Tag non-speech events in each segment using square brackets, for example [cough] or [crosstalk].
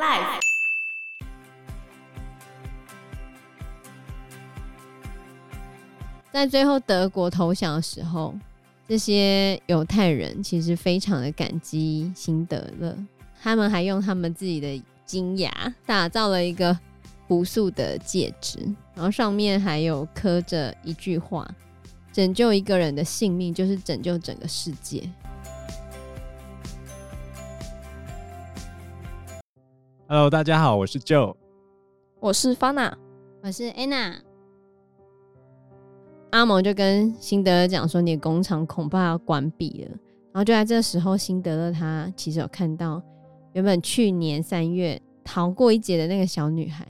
Nice。在最後德國投降的時候，這些猶太人其實非常的感激辛德勒，他們還用他們自己的金牙打造了一個樸素的戒指，然後上面還有刻着一句話：“拯救一個人的性命，就是拯救整個世界。” Hello，大家好，我是 Joe，我是 Fana，我是 Anna。阿蒙就跟辛德勒講說：“你的工廠恐怕要關閉了。”然後就在這時候，辛德勒他其實有看到原本去年三月逃過一劫的那個小女孩，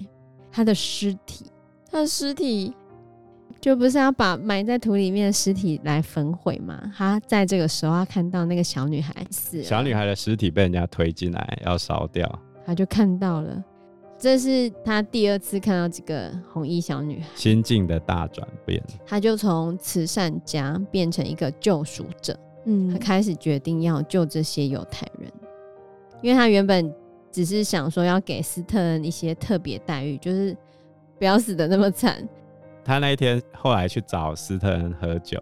她的屍體，她的屍體就不是要把埋在土裡面的屍體來焚毀嗎？他在這個時候他看到那個小女孩死了，小女孩的屍體被人家推進來要燒掉。他就看到了，這是他第二次看到這個紅衣小女孩，心境的大轉變。他就從慈善家變成一個救贖者，嗯，他開始決定要救這些猶太人，因為他原本只是想說要給斯特恩一些特別待遇，就是不要死得那麼慘。他那一天後來去找斯特恩喝酒，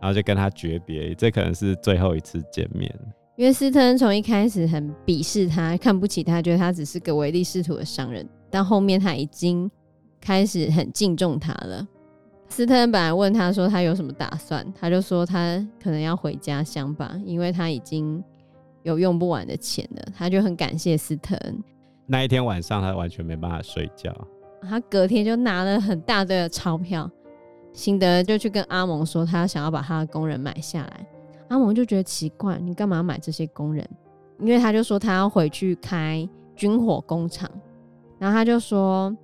然後就跟他訣別，這可能是最後一次見面。因為斯特恩從一開始很鄙視他，看不起他，覺得他只是個唯利是圖的商人。但後面他已經開始很敬重他了。斯特恩本來問他說他有什麼打算，他就說他可能要回家鄉吧，因為他已經有用不完的錢了。他就很感謝斯特恩。那一天晚上，他完全沒辦法睡覺。他隔天就拿了很大堆的鈔票，辛德就去跟阿蒙說，他想要把他的工人買下來。阿蒙就覺得奇怪，你幹嘛要買這些工人？因為他就說他要回去開軍火工廠，然後他就說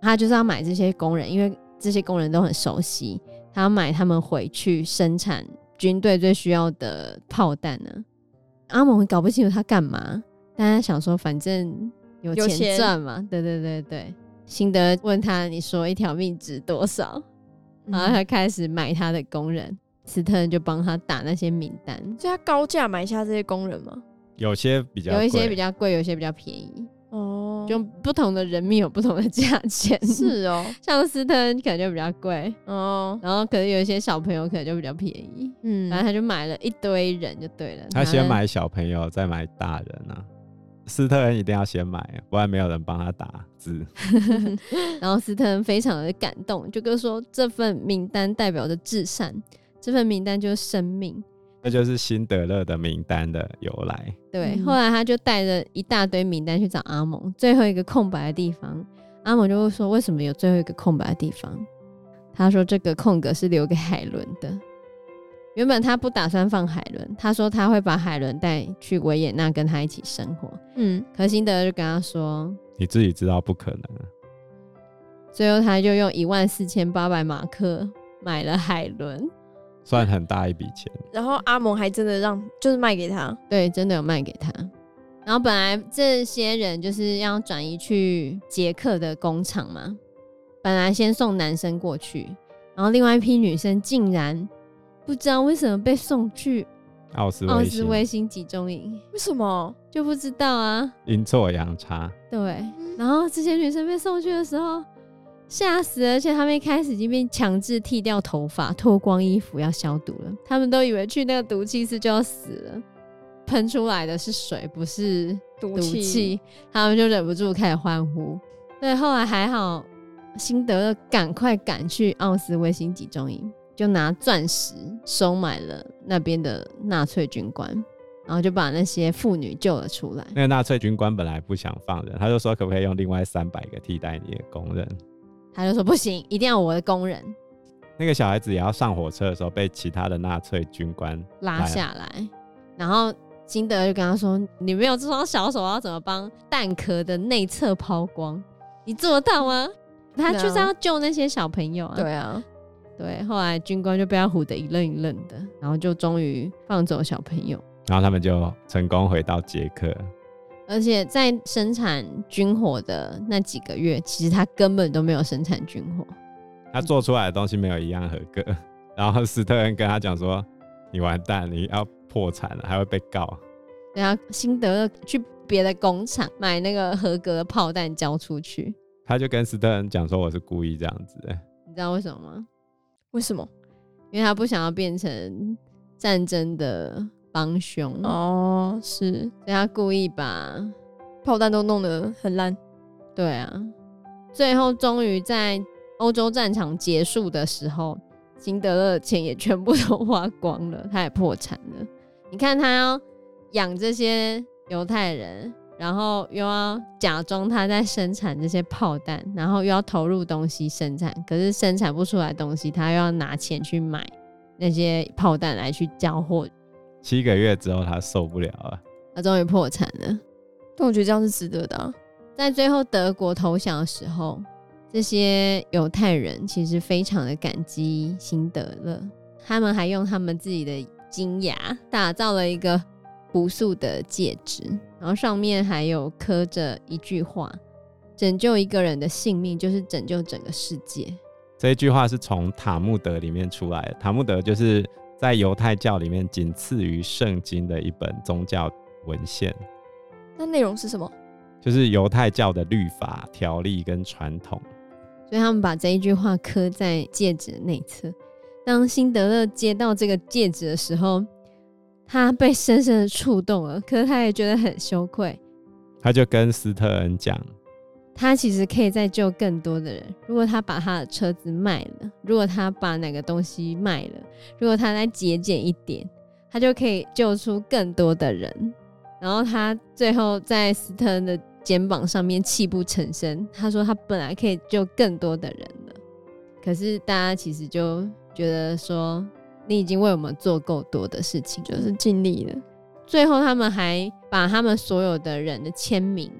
他就是要買這些工人，因為這些工人都很熟悉，他要買他們回去生產軍隊最需要的炮彈呢。阿蒙搞不清楚他幹嘛，但他想說反正有錢賺嘛，對對對對。辛德問他：“你說一條命值多少？”然後他開始買他的工人。嗯斯特恩就幫他打那些名單，所以他高價買下這些工人嘛。有些比較有一些比較貴，有一些比較便宜哦，就不同的人命有不同的價錢。是哦，像斯特恩可能就比較貴哦，然後可能有一些小朋友可能就比較便宜，嗯，然後他就買了一堆人就對了。他先買小朋友，再買大人啊。斯特恩一定要先買，不然沒有人幫他打字。 [laughs] 然後斯特恩非常的感動，就跟說，這份名單代表着至善。這份名單就是生命，那就是辛德勒的名單的由來。對，嗯、後來他就帶着一大堆名單去找阿蒙，最後一個空白的地方，阿蒙就會說：“為什麼有最後一個空白的地方？”他說：“這個空格是留給海倫的。原本他不打算放海倫，他說他會把海倫帶去維也納跟他一起生活。”嗯，可辛德勒就跟他說：“你自己知道不可能。”最後，他就用一萬四千八百馬克買了海倫。算很大一筆錢。嗯，然後阿蒙還真的讓就是賣給他，對，真的有賣給他。然後本來這些人就是要轉移去捷克的工廠嘛，本來先送男生過去，然後另外一批女生竟然不知道為什麼被送去奧斯奧斯威辛集中營，為什麼就不知道啊，陰錯陽差，對。然後這些女生被送去的時候。嚇死！而且他們一開始已經被強制剃掉頭髮、脫光衣服要消毒了。他們都以為去那個毒氣室就要死了。噴出來的是水，不是毒氣。他們就忍不住開始歡呼。對，後來還好，辛德勒趕快趕去奧斯威辛集中營，就拿鑽石收買了那邊的納粹軍官，然後就把那些婦女救了出來。那個納粹軍官本來不想放人，他就說：“可不可以用另外三百個替代你的工人？”他就說不行，一定要我的工人。那個小孩子也要上火車的時候，被其他的納粹軍官拉下來，然後辛德勒就跟他說：“你沒有這雙小手，要怎麼幫蛋殼的內側拋光？你做得到嗎 [laughs] ？”他就是要救那些小朋友啊！對啊，對。後來軍官就被他唬得一愣一愣的，然後就終於放走小朋友，然後他們就成功回到捷克。而且在生產軍火的那幾個月，其實他根本都沒有生產軍火。他做出來的東西沒有一樣合格。然後斯特恩跟他講說：“你完蛋，你要破產了，還會被告。”然後辛德去別的工廠買那個合格的炮彈交出去。他就跟斯特恩講說：“我是故意這樣子。”你知道為什麼嗎？為什麼？因為他不想要變成戰爭的。幫兇哦，是人家故意把炮彈都弄得很爛。對啊，最後終於在歐洲戰場結束的時候，辛德勒的錢也全部都花光了，他也破產了。你看他要養這些猶太人，然後又要假裝他在生產這些炮彈，然後又要投入東西生產，可是生產不出來東西，他又要拿錢去買那些炮彈來去交貨。七個月之後，他受不了了，他終於破產了。但我覺得這樣是值得的啊。在最後德國投降的時候，這些猶太人其實非常的感激辛德勒，他們還用他們自己的金牙打造了一個樸素的戒指，然後上面還有刻着一句話：“拯救一個人的性命，就是拯救整個世界。”這一句話是從塔木德裡面出來的。塔木德就是。在猶太教裡面，僅次於聖經的一本宗教文獻。那內容是什麼？就是猶太教的律法、條例跟傳統。所以他們把這一句話刻在戒指內側。當辛德勒接到這個戒指的時候，他被深深的觸動了，可是他也覺得很羞愧。他就跟斯特恩講。他其實可以再救更多的人。如果他把他的車子賣了，如果他把哪個東西賣了，如果他再節儉一點，他就可以救出更多的人。然後他最後在斯特恩的肩膀上面泣不成聲，他說：“他本來可以救更多的人的，可是大家其實就覺得說，你已經為我們做夠多的事情，就是盡力了。”最後他們還把他們所有的人的簽名。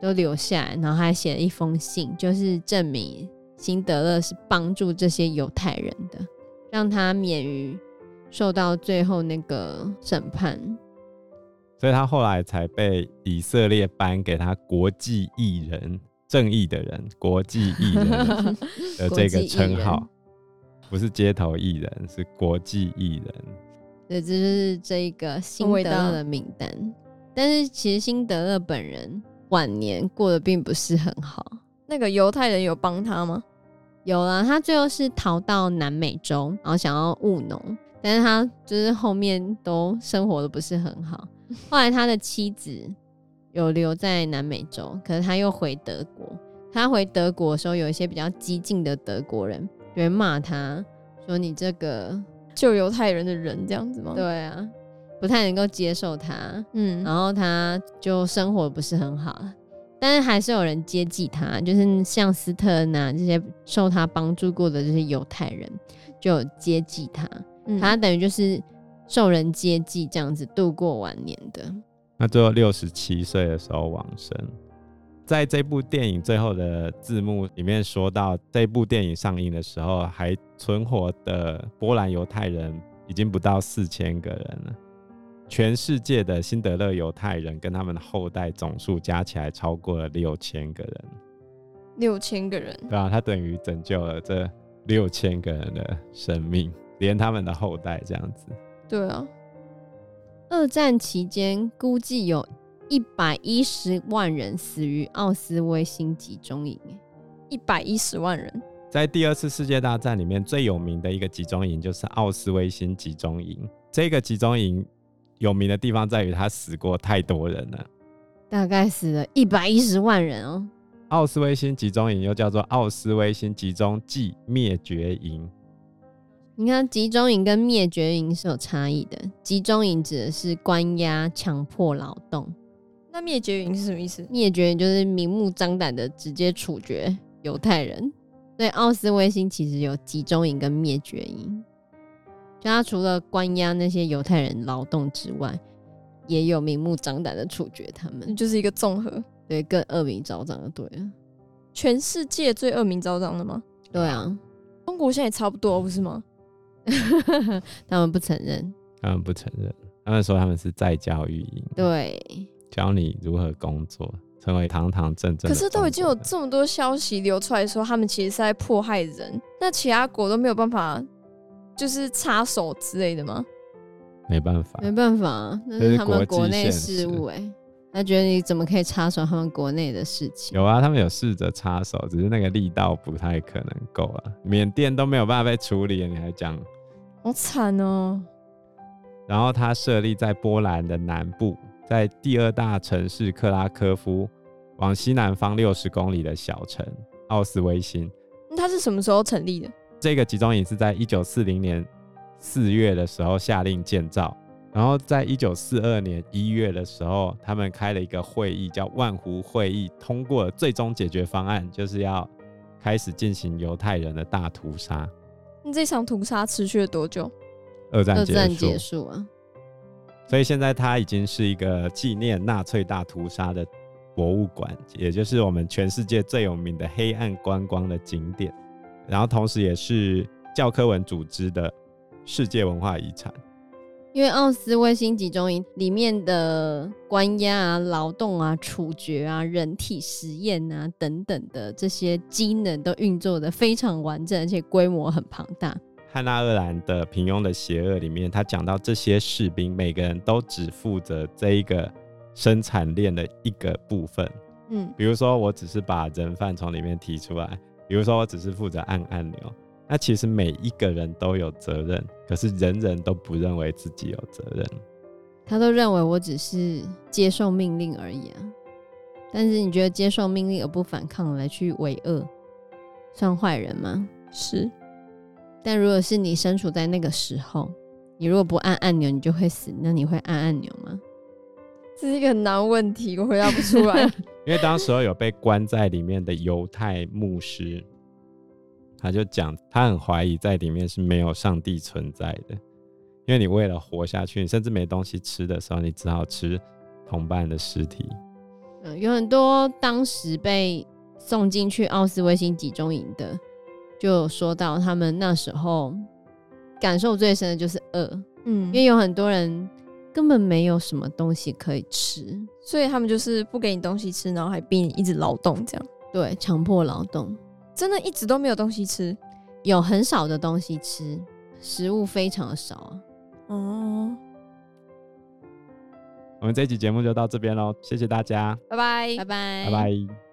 都留下來，然後他還寫了一封信，就是證明辛德勒是幫助這些猶太人的，讓他免於受到最後那個審判。所以他後來才被以色列頒給他“國際藝人”、“正義的人”、“國際藝人”的這個稱號， [laughs] 不是街頭藝人，是國際藝人。對，這就是這一個辛德勒的名單。但是其實辛德勒本人，晚年過得並不是很好。那個猶太人有幫他嗎？有啊，他最後是逃到南美洲，然後想要務農，但是他就是後面都生活的不是很好。後來他的妻子有留在南美洲，可是他又回德國。他回德國的時候，有一些比較激進的德國人，有人罵他說：“你這個救猶太人的人，這樣子嗎？”對啊。不太能夠接受他，嗯，然後他就生活不是很好，嗯、但是還是有人接濟他，就是像斯特恩啊這些受他幫助過的這些猶太人，就接濟他、嗯，他等於就是受人接濟這樣子度過晚年的。的那最後六十七歲的時候往生，在這部電影最後的字幕裡面說到，這部電影上映的時候還存活的波蘭猶太人已經不到四千個人了。全世界的辛德勒猶太人跟他們的後代總數加起來超過了六千個人，六千個人，對啊，他等於拯救了這六千個人的生命，連他們的後代這樣子，對啊。二戰期間估計有一百一十萬人死於奧斯威辛集中營，誒，一百一十萬人。在第二次世界大戰裡面最有名的一個集中營就是奧斯威辛集中營，這個集中營。有名的地方在於他死過太多人了，大概死了一百一十萬人哦。奧斯威辛集中營又叫做奧斯威辛集中暨滅絕營。你看集中營跟滅絕營是有差異的，集中營指的是關押、強迫勞動，那滅絕營是什麼意思？嗯、滅絕營就是明目張膽的直接處決猶太人。所以奧斯威辛其實有集中營跟滅絕營。就他除了關押那些猶太人勞動之外，也有明目張膽的處決他們，就是一個綜合，對，更惡名昭彰的，對啊，全世界最惡名昭彰的嗎？對啊，中國現在也差不多，不是嗎？ [laughs] 他們不承認，他們不承認，他們說他們是在教育營，對，教你如何工作，成為堂堂正正。可是都已經有這麼多消息流出來，說他們其實是在迫害人，那其他國都沒有辦法。就是插手之類的嗎？沒辦法，沒辦法、啊，那是他們國內事務哎、欸。他覺得你怎麼可以插手他們國內的事情？有啊，他們有試着插手，只是那個力道不太可能夠了、啊。緬甸都沒有辦法被處理，你還講？好慘哦、喔。然後他設立在波蘭的南部，在第二大城市克拉科夫往西南方六十公里的小城奧斯威辛。他、嗯、是什麼時候成立的？這個集中營是在一九四零年四月的時候下令建造，然後在一九四二年一月的時候，他們開了一個會議，叫萬湖會議，通過了最終解決方案，就是要開始進行猶太人的大屠殺。那這場屠殺持續了多久？二戰結束，二戰結束啊！所以現在它已經是一個紀念納粹大屠殺的博物館，也就是我們全世界最有名的黑暗觀光的景點。然後，同時也是教科文組織的世界文化遺產。因為奧斯威辛集中營裡面的關押啊、勞動啊、處決啊、人體實驗啊等等的這些機能都運作的非常完整，而且規模很龐大。漢娜·鄂蘭的《平庸的邪惡》裡面，他講到這些士兵每個人都只負責這一個生產鏈的一個部分。嗯，比如說，我只是把人犯從裡面提出來。比如說，我只是負責按按鈕，那其實每一個人都有責任，可是人人都不認為自己有責任，他都認為我只是接受命令而已啊。但是你覺得接受命令而不反抗來去為惡，算壞人嗎？是。但如果是你身處在那個時候，你如果不按按鈕，你就會死，那你會按按鈕嗎？這是一個很難問題，我回答不出來。 [laughs] [laughs] 因為當時候有被關在裡面的猶太牧師，他就講，他很懷疑在裡面是沒有上帝存在的，因為你為了活下去，你甚至沒東西吃的時候，你只好吃同伴的屍體。嗯，有很多當時被送進去奧斯威辛集中營的，就有說到他們那時候感受最深的就是餓，嗯，因為有很多人。根本沒有什麼東西可以吃，所以他們就是不給你東西吃，然後還逼你一直勞動，這樣對強迫勞動，真的一直都沒有東西吃，有很少的東西吃，食物非常的少啊。哦，我們這一期節目就到這邊嘍，謝謝大家，拜拜拜拜拜拜。Bye bye bye bye